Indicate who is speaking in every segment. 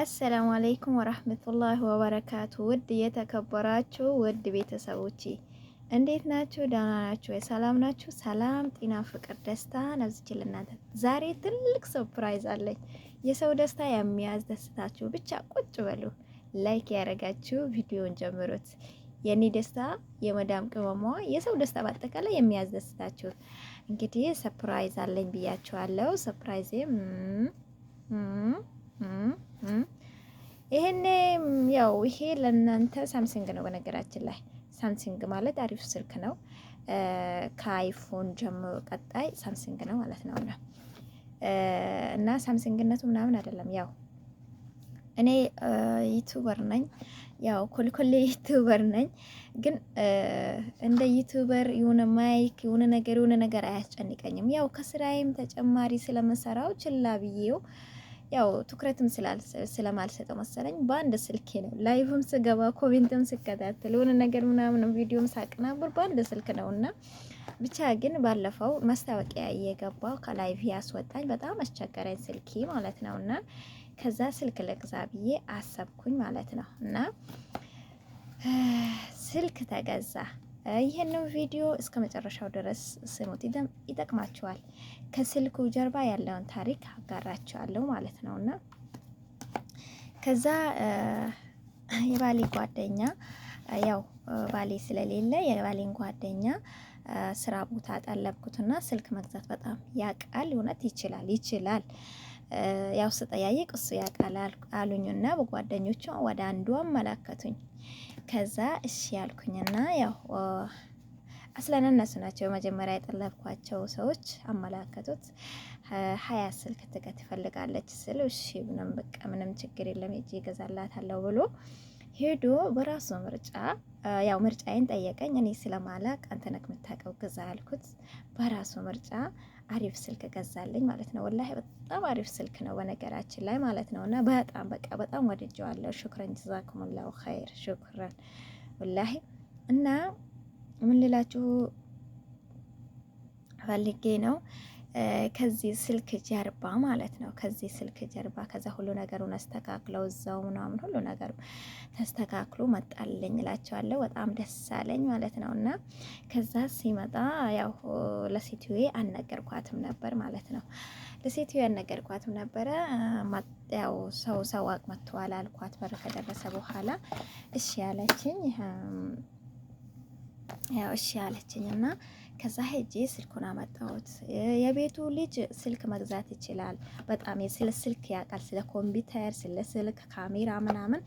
Speaker 1: አሰላሙ አለይኩም ወራህመቱላህ ወበረካቱ። ውድ የተከበራችሁ ውድ ቤተሰቦቼ እንዴት ናችሁ? ደህና ናችሁ? ሰላም ናችሁ? ሰላም፣ ጤና፣ ፍቅር፣ ደስታ ነብዝች ልናንተ ዛሬ ትልቅ ሰርፕራይዝ አለኝ። የሰው ደስታ የሚያስደስታችሁ ብቻ ቁጭ በሉ፣ ላይክ ያደረጋችሁ ቪዲዮን ጀምሩት። የኔ ደስታ የመዳም ቅመሟ የሰው ደስታ በአጠቃላይ የሚያስደስታችሁ እንግዲህ ሰርፕራይዝ አለኝ ብያችኋለሁ። ሰርፕራይዝ ይሄኔ ያው ይሄ ለእናንተ ሳምሰንግ ነው። በነገራችን ላይ ሳምሰንግ ማለት አሪፍ ስልክ ነው። ከአይፎን ጀምሮ ቀጣይ ሳምሰንግ ነው ማለት ነው። እና ሳምሰንግነቱ ምናምን አይደለም። ያው እኔ ዩቱበር ነኝ፣ ያው ኮልኮሌ ዩቱበር ነኝ። ግን እንደ ዩቱበር የሆነ ማይክ የሆነ ነገር የሆነ ነገር አያስጨንቀኝም። ያው ከስራዬም ተጨማሪ ስለምሰራው ችላ ብዬው ያው ትኩረትም ስለማልሰጠው መሰለኝ በአንድ ስልክ ነው ላይቭም ስገባ ኮሜንትም ስከታተል የሆነ ነገር ምናምን ቪዲዮም ሳቀናብር በአንድ ስልክ ነው እና ብቻ ግን ባለፈው ማስታወቂያ እየገባው ከላይቭ ያስወጣኝ በጣም አስቸገረኝ ስልኪ ማለት ነው እና ከዛ ስልክ ልግዛ ብዬ አሰብኩኝ ማለት ነው እና ስልክ ተገዛ። ይህንን ቪዲዮ እስከ መጨረሻው ድረስ ስሙት፣ ይጠቅማችኋል። ከስልኩ ጀርባ ያለውን ታሪክ አጋራችኋለሁ ማለት ነው እና ከዛ የባሌ ጓደኛ ያው ባሌ ስለሌለ የባሌን ጓደኛ ስራ ቦታ ጠለብኩትና ስልክ መግዛት በጣም ያቃል። እውነት ይችላል ይችላል። ያው ስጠያይቅ እሱ ያቃል አሉኝና በጓደኞቹ ወደ አንዱ አመላከቱኝ። ከዛ እሺ ያልኩኝና ያው አስለን እነሱ ናቸው መጀመሪያ የጠለብኳቸው ሰዎች አመላከቱት። ሀያ ስልክ ትገት ትፈልጋለች ስል እሺ ምንም በቃ ምንም ችግር የለም ሂጂ እገዛላታለሁ ብሎ ሄዶ በራሱ ምርጫ ያው ምርጫዬን ጠየቀኝ። እኔ ስለማላቅ አንተ ነህ የምታውቀው ግዛ አልኩት። በራሱ ምርጫ አሪፍ ስልክ ገዛልኝ ማለት ነው። ወላሂ በጣም አሪፍ ስልክ ነው በነገራችን ላይ ማለት ነው። እና በጣም በቃ በጣም ወድጀዋለሁ። ሹክረን ጀዛኩሙላሁ ኸይር ሹክረን ወላሂ። እና ምን ልላችሁ ፈልጌ ነው ከዚህ ስልክ ጀርባ ማለት ነው። ከዚህ ስልክ ጀርባ ከዛ ሁሉ ነገሩን አስተካክለው እዛው ምናምን ሁሉ ነገሩ ተስተካክሎ መጣልኝ እላቸዋለሁ። በጣም ደስ አለኝ ማለት ነው። እና ከዛ ሲመጣ ያው ለሴትዌ አልነገርኳትም ነበር ማለት ነው። ለሴትዌ አልነገርኳትም ነበረ። ያው ሰው ሰው አቅመጥተዋል አልኳት በር ከደረሰ በኋላ እሺ ያለችኝ እሺ አለችኝ እና ከዛ ሄጄ ስልኩን አመጣሁት። የቤቱ ልጅ ስልክ መግዛት ይችላል በጣም ስለ ስልክ ያውቃል፣ ስለ ኮምፒውተር፣ ስለ ስልክ ካሜራ ምናምን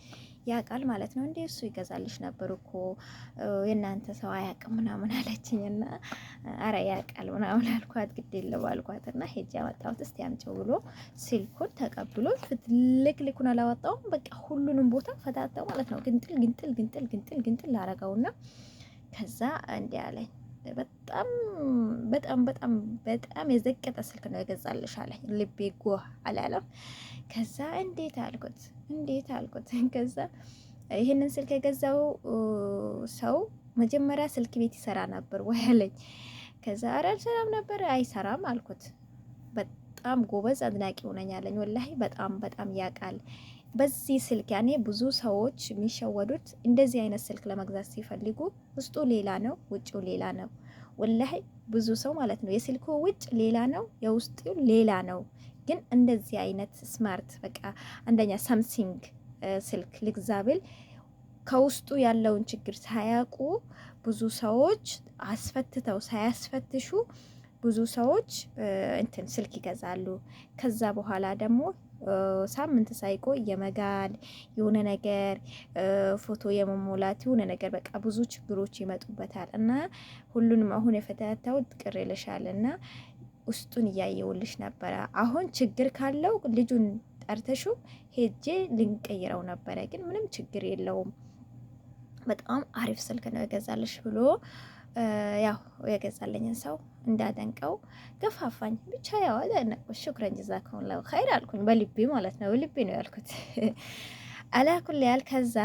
Speaker 1: ያውቃል ማለት ነው። እንዴ እሱ ይገዛልሽ ነበር እኮ የእናንተ ሰው አያውቅም ምናምን አለችኝ እና አረ ያውቃል ምናምን አልኳት። ግድ የለም አልኳት እና ሄጄ አመጣሁት። እስቲ አምጪው ብሎ ስልኩን ተቀብሎ ትልቅ ልኩን አላወጣውም። በቃ ሁሉንም ቦታ ፈታተው ማለት ነው። ግንጥል ግንጥል ግንጥል ግንጥል ግንጥል ላረገውና ከዛ እንዲህ አለኝ። በጣም በጣም በጣም በጣም የዘቀጠ ስልክ ነው የገዛልሽ አለኝ። ልቤ ጎህ አላለም። ከዛ እንዴት አልኩት እንዴት አልኩት። ከዛ ይህንን ስልክ የገዛው ሰው መጀመሪያ ስልክ ቤት ይሰራ ነበር ወይ አለኝ። ከዛ ኧረ አልሰራም ነበር አይሰራም አልኩት። በጣም ጎበዝ አድናቂ ሆነኛለኝ ወላሂ በጣም በጣም ያውቃል በዚህ ስልክ ያኔ ብዙ ሰዎች የሚሸወዱት እንደዚህ አይነት ስልክ ለመግዛት ሲፈልጉ ውስጡ ሌላ ነው፣ ውጭው ሌላ ነው። ወላሂ ብዙ ሰው ማለት ነው የስልኩ ውጭ ሌላ ነው፣ የውስጡ ሌላ ነው። ግን እንደዚህ አይነት ስማርት በቃ አንደኛ ሳምሲንግ ስልክ ልግዛ ብል ከውስጡ ያለውን ችግር ሳያውቁ ብዙ ሰዎች አስፈትተው ሳያስፈትሹ ብዙ ሰዎች እንትን ስልክ ይገዛሉ። ከዛ በኋላ ደግሞ ሳምንት ሳይቆ የመጋል የሆነ ነገር ፎቶ የመሞላት የሆነ ነገር በቃ ብዙ ችግሮች ይመጡበታል። እና ሁሉንም አሁን የፈተታሁት ቅር ይልሻል እና ውስጡን እያየውልሽ ነበረ። አሁን ችግር ካለው ልጁን ጠርተሹ ሄጄ ልንቀይረው ነበረ፣ ግን ምንም ችግር የለውም በጣም አሪፍ ስልክ ነው የገዛልሽ ብሎ ያው የገዛለኝን ሰው እንዳደንቀው ገፋፋኝ። ብቻ ያው አደነቅኩት። ሹክረን ጀዛኩም ኸይር አልኩኝ በልቤ ማለት ነው። በልቤ ነው ያልኩት። አላኩል ያል ከዛ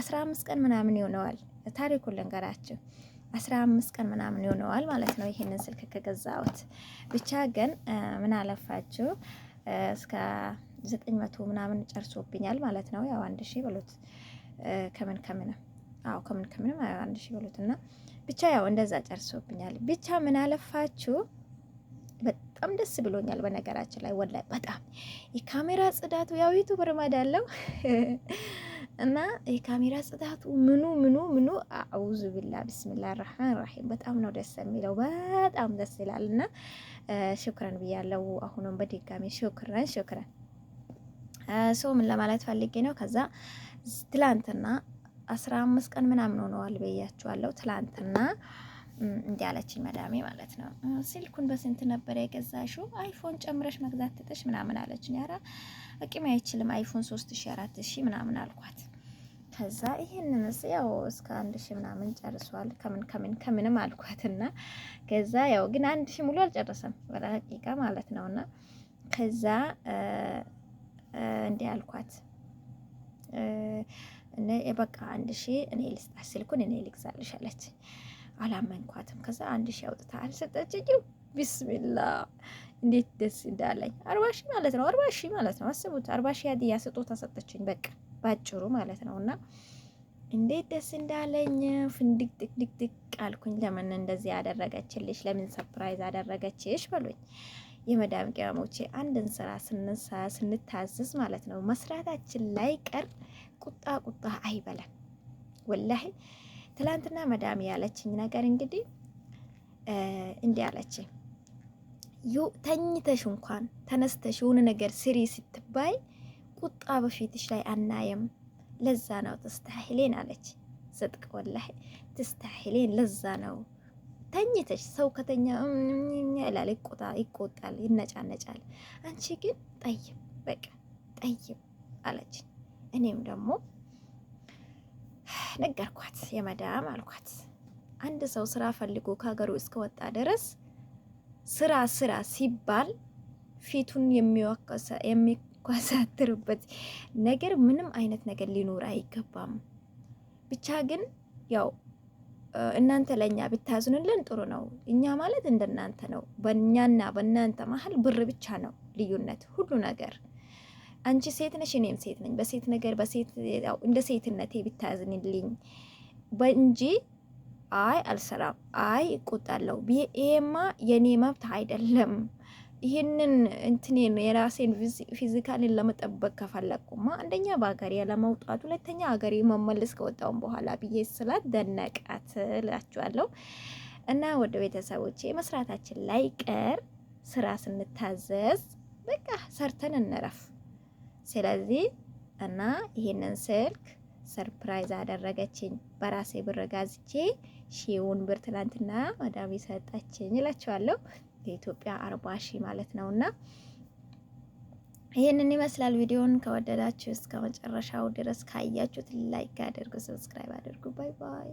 Speaker 1: አስራ አምስት ቀን ምናምን ይሆነዋል። ታሪኩን ልንገራችሁ። አስራ አምስት ቀን ምናምን ይሆነዋል ማለት ነው ይህንን ስልክ ከገዛሁት። ብቻ ግን ምን አለፋችሁ እስከ ዘጠኝ መቶ ምናምን ጨርሶብኛል ማለት ነው። ያው አንድ ሺህ ብሎት ከምን ከምንም አዎ ከምን ከምንም አንድ ሺህ ብሎት እና ብቻ ያው እንደዛ ጨርሶብኛል። ብቻ ምን አለፋችሁ በጣም ደስ ብሎኛል። በነገራችን ላይ ወላይ በጣም የካሜራ ጽዳቱ ያው ዩቱበር አለው። እና የካሜራ ጽዳቱ ምኑ ምኑ ምኑ አውዙ ብላ ብስሚላ ራህማን ራሂም በጣም ነው ደስ የሚለው፣ በጣም ደስ ይላል። እና ሽክረን ብያለው። አሁንም በድጋሚ ሽክረን ሽክረን ሶ ምን ለማለት ፈልጌ ነው ከዛ ትላንትና አስራ አምስት ቀን ምናምን ሆነዋል ብያችኋለሁ። ትላንትና እንዲህ አለችኝ መዳሜ ማለት ነው። ስልኩን በስንት ነበር የገዛሽው? አይፎን ጨምረሽ መግዛት ትጥሽ ምናምን አለችኝ። ኧረ አቅሜ አይችልም አይፎን ሶስት ሺ አራት ሺ ምናምን አልኳት። ከዛ ይህንንስ ያው እስከ አንድ ሺ ምናምን ጨርሷል ከምን ከምን ከምንም አልኳትና ከዛ ያው ግን አንድ ሺ ሙሉ አልጨረሰም በደቂቃ ማለት ነውና ከዛ እንዲህ አልኳት በቃ አንድ ሺ እኔ ልስጣሽ ስልኩን እኔ ልግዛልሽ አለች። አላመንኳትም። ከዛ አንድ ሺ አውጥታ አልሰጠችኝም። ቢስሚላ እንዴት ደስ እንዳለኝ አርባ ሺ ማለት ነው። አርባ ሺ ማለት ነው። አስቡት አርባ ሺ ያድያ ስጦታ ሰጠችኝ። በቃ ባጭሩ ማለት ነው እና እንዴት ደስ እንዳለኝ ፍንድቅድቅድቅድቅ አልኩኝ። ለምን እንደዚህ አደረገችልሽ? ለምን ሰፕራይዝ አደረገችሽ? በሉኝ የመዳም ቅመሞቼ አንድን ስራ ስንሰራ ስንታዘዝ ማለት ነው መስራታችን ላይ ቀር ቁጣ ቁጣ አይበለም ወላሂ ትላንትና መዳም ያለችኝ ነገር እንግዲህ እንዲህ ዩ ተኝተሽ እንኳን ተነስተሽ የሆነ ነገር ስሪ ስትባይ ቁጣ በፊትሽ ላይ አናየም። ለዛ ነው ትስተሂሌን አለች። ጽድቅ ወላሂ ትስተሂሌን ለዛ ነው ተኝተሽ ሰው ከተኛ ይላል፣ ይቆጣ ይቆጣል፣ ይነጫነጫል። አንቺ ግን ጠይም በቃ ጠይም አለች። እኔም ደግሞ ነገርኳት፣ የመዳም አልኳት። አንድ ሰው ስራ ፈልጎ ከሀገሩ እስከወጣ ድረስ ስራ ስራ ሲባል ፊቱን የሚኳሳትርበት ነገር ምንም አይነት ነገር ሊኖር አይገባም። ብቻ ግን ያው እናንተ ለእኛ ብታዝኑልን ጥሩ ነው። እኛ ማለት እንደናንተ ነው። በእኛና በእናንተ መሀል ብር ብቻ ነው ልዩነት ሁሉ ነገር። አንቺ ሴት ነሽ፣ እኔም ሴት ነኝ። በሴት ነገር በሴት እንደ ሴትነቴ ብታዝንልኝ በእንጂ አይ አልሰራም፣ አይ እቆጣለሁ፣ ይሄማ የኔ መብት አይደለም ይህንን እንትኔን የራሴን ፊዚካልን ለመጠበቅ ከፈለግኩማ አንደኛ በሀገሬ ለመውጣት፣ ሁለተኛ ሀገሬ መመለስ ከወጣውን በኋላ ብዬ ስላት ደነቃት እላችኋለሁ። እና ወደ ቤተሰቦቼ መስራታችን ላይ ቀር ስራ ስንታዘዝ በቃ ሰርተን እንረፍ። ስለዚህ እና ይህንን ስልክ ሰርፕራይዝ አደረገችኝ። በራሴ ብር ጋዝቼ ሺውን ብር ትናንትና መዳም ሰጠችኝ እላችኋለሁ። የኢትዮጵያ አርባ ሺህ ማለት ነው እና ይህንን ይመስላል። ቪዲዮን ከወደዳችሁ እስከ መጨረሻው ድረስ ካያችሁት ላይክ አድርጉ፣ ሰብስክራይብ አድርጉ። ባይ ባይ።